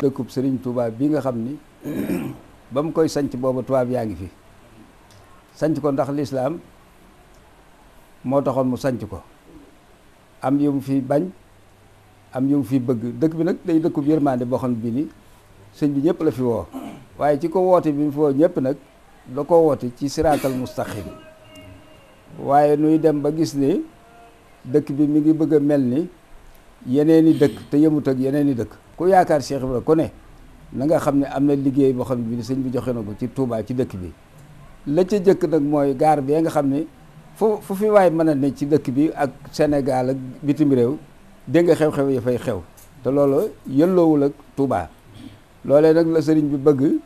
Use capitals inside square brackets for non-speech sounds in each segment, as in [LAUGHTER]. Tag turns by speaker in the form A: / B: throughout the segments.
A: dëkkub sëriñ Touba bi nga xam ni [CLEARS THROAT] ba mu koy sañc booba tubaab yaa ngi fi sanc ko ndax lislaam moo taxoon mu sanc ko am yu mu fi bañ am yu mu fi bëgg dëkk bi nag day dëkkub yërmande boo bi ni sëñ bi ñëpp la fi woo waaye ci ko woote bi mu fi woo ñëpp nag da ko woote ci siraatal mustaqim waaye nuy dem ba gis ni dëkk bi mi ngi bëgg a mel ni yeneen i dëkk te yëmut ak yeneen i dëkk ku yaakaar Cheikh Ibrahima ku ne na nga xam ne am na liggéey boo xam ne bi sëñ bi joxe na ko ci Touba ci dëkk bi la ca nag mooy gaar bee nga xam ne fu fu fi waay mën a ne ci dëkk bi ak senegal ak bitim réew dégg nga xew-xew ya fay xew te loolu yëlloowul ak Touba loole nag la sëriñ bi bëgg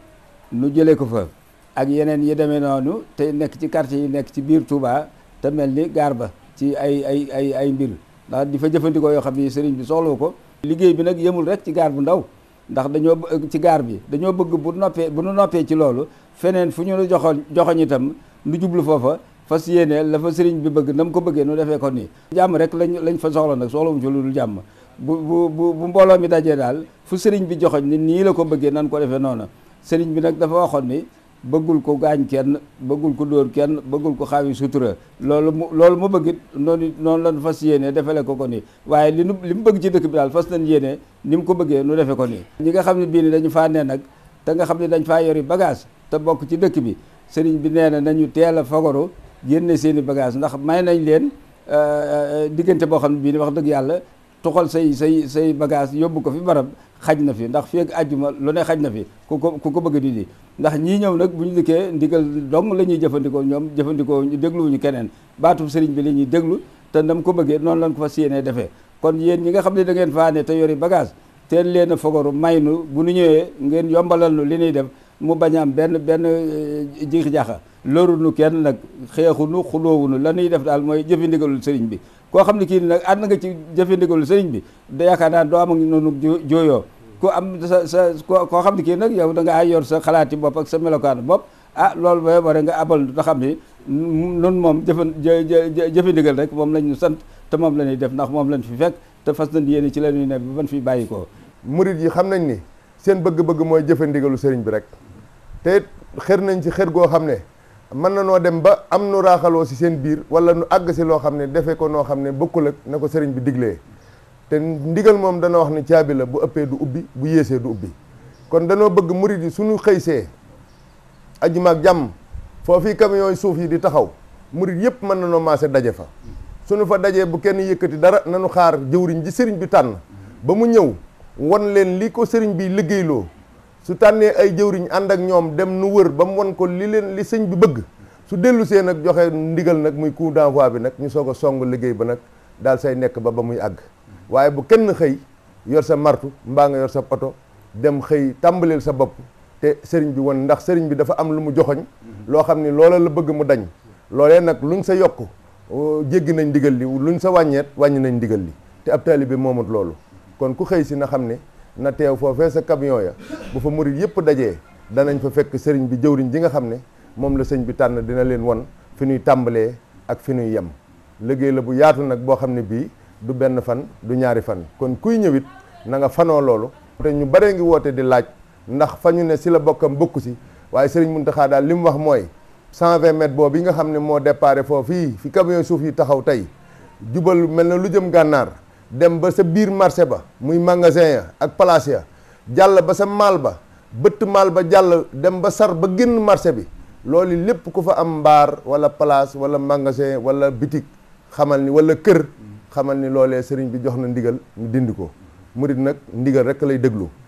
A: nu jëlee ko fa ak yeneen yi demee noonu te nekk ci quartier yi nekk ci biir Touba te mel ni gaar ba ci ay ay ay ay mbir daal di fa jëfandikoo yoo xam yi sëriñ bi soxla ko liggéey bi nag yemul rek ci gaar bu ndaw ndax dañoo ci gaar bi dañoo bëgg bu noppee bu nu noppee ci loolu feneen fu ñu joxoon joxoñ itam nu jublu foofa fas yéene la fa sëriñ bi bëgg na mu ko bëggee nu defee ko nii jàmm rek lañ lañ fa soxla nag soxlawuñ ci lu dul jàmm bu bu bu mbooloo mi dajee daal fu sëriñ bi joxoñ ni nii la ko bëggee nan ko defee noonu sëriñ bi nag dafa waxoon ni bëggul ko gaañ kenn bëggul ko dóor kenn bëggul ko xaawi sutura loolu mu loolu mu bëggit noonu noonu la lan fas yéene defalee ko ko nii waaye li nu li mu bëgg ci dëkk bi daal fas nañ yéene ni mu ko bëggee nu defe ko nii ñi nga xam ne bii ni dañu faa ne nag te nga xam ne dañ faa yori bagage te bokk ci dëkk bi sëriñ bi nee na nañu teel a fagaru génne seen bagage ndax may nañ leen euh, euh, diggante boo xam ne bii ni wax dëgg yàlla tuxal say say say bagage yóbbu ko fi barab xaj na fi ndax fii ak àjjuma lu ne xaj na fi ku ko ku ko bëgg di di ndax ñii ñëw nag bu ñu dikkee ndigal dong la ñuy jëfandikoo ñoom jëfandikoo ñu ñu keneen baatub sëriñ bi la ñuy déglu te ndam ko bëggee noonu lañ ko fas yéenee defee kon yéen ñi nga xam ne da ngeen faa te yori bagage teel leen a fogoru may nu bu nu ñëwee ngeen yombalal nu li ñuy def mu bañ am benn benn eh, jiix jaaxa loru nu kenn nag xeexunu xulóowunu la ñuy def daal mooy jëfi ndigalul sëriñ bi koo xam ne kii nag ànd nga ci jëfandigalu sëriñ bi da yaakaar naa doo am ak noonu jooyoo ko am sa sa koo xam ne kii nag yow da nga ay yor sa xalaati bopp ak sa melokaanu bopp ah loolu booy war nga abal nga xam ni nun moom jëfan jëfandigal rek moom lañu sant te moom la ñuy def ndax moom lañ fi fekk te fas nañ yéene ci la ñuy ne ban fi bàyyi ko
B: murit yi xam nañ ni seen bëgg-bëgg mooy jëfandigalu sëriñ bi rek te xër nañ ci xër goo xam ne mën na noo dem ba am nu raaxaloo si seen biir wala nu àgg si loo xam ne defe ko noo xam ne bokkul ak na ko sëriñ bi diglee te ndigal moom dana wax ne caabi la bu ëppee du ubbi bu yéesee du ubbi kon danoo bëgg murid yi suñu xëysee ajuma ak jàmm foo camion yi suuf yi di taxaw murid yëpp mën na noo maase daje fa suñu fa dajee bu kenn yëkkati dara nanu xaar jëwriñ ji sëriñ bi tànn ba mu ñëw won leen li ko sëriñ bi liggéeyloo su tànnee ay jëwriñ ànd ak ñoom dem nu wër ba mu won ko li leen li sëñ bi bëgg su dellu see nag joxe ndigal nag muy coup d'envoi bi nag ñu soog a song liggéey ba nag daal say nekk ba ba muy àgg waaye bu kenn xëy yor sa martu mbaa nga yor sa oto dem xëy tàmbaleel sa bopp te sëriñ bi won ndax sëriñ bi dafa am lu mu joxoñ loo xam ni loola la bëgg mu dañ loolee nag luñ sa yokk jéggi nañ ndigal li luñ sa wàññeet wàññi nañ ndigal li te ab taalibe moomut loolu kon ku xëy si na xam ne na teew foofee sa camion ya bu fa murit yëpp dajee danañ fa fekk sëriñ bi jëwriñ ji nga xam ne moom la sëñ bi tànn dina leen won fi ñuy tàmbalee ak fi ñuy yem liggéey la bu yaatu nag boo xam ne bii du benn fan du ñaari fan kon kuy ñëwit na nga fanoo loolu te ñu bare ngi woote di laaj ndax fa ñu ne si la bokkam bokku si waaye sëriñ Muntaxa daal li mu wax mooy 120 mètres boobu yi nga xam ne moo déparé foofu fii fi camion suuf yi taxaw tey jubal mel na lu jëm gànnaar dem ba sa biir marché ba muy magasin ya ak place ya jàll ba sa maal ba bëtt maal ba jàll dem ba sar ba génn marché bi loolu lépp ku fa am mbaar wala place wala magasin wala bitig xamal ni wala kër xamal ni loolee sëriñ bi jox na ndigal ñu dindi ko murit nag ndigal rek lay déglu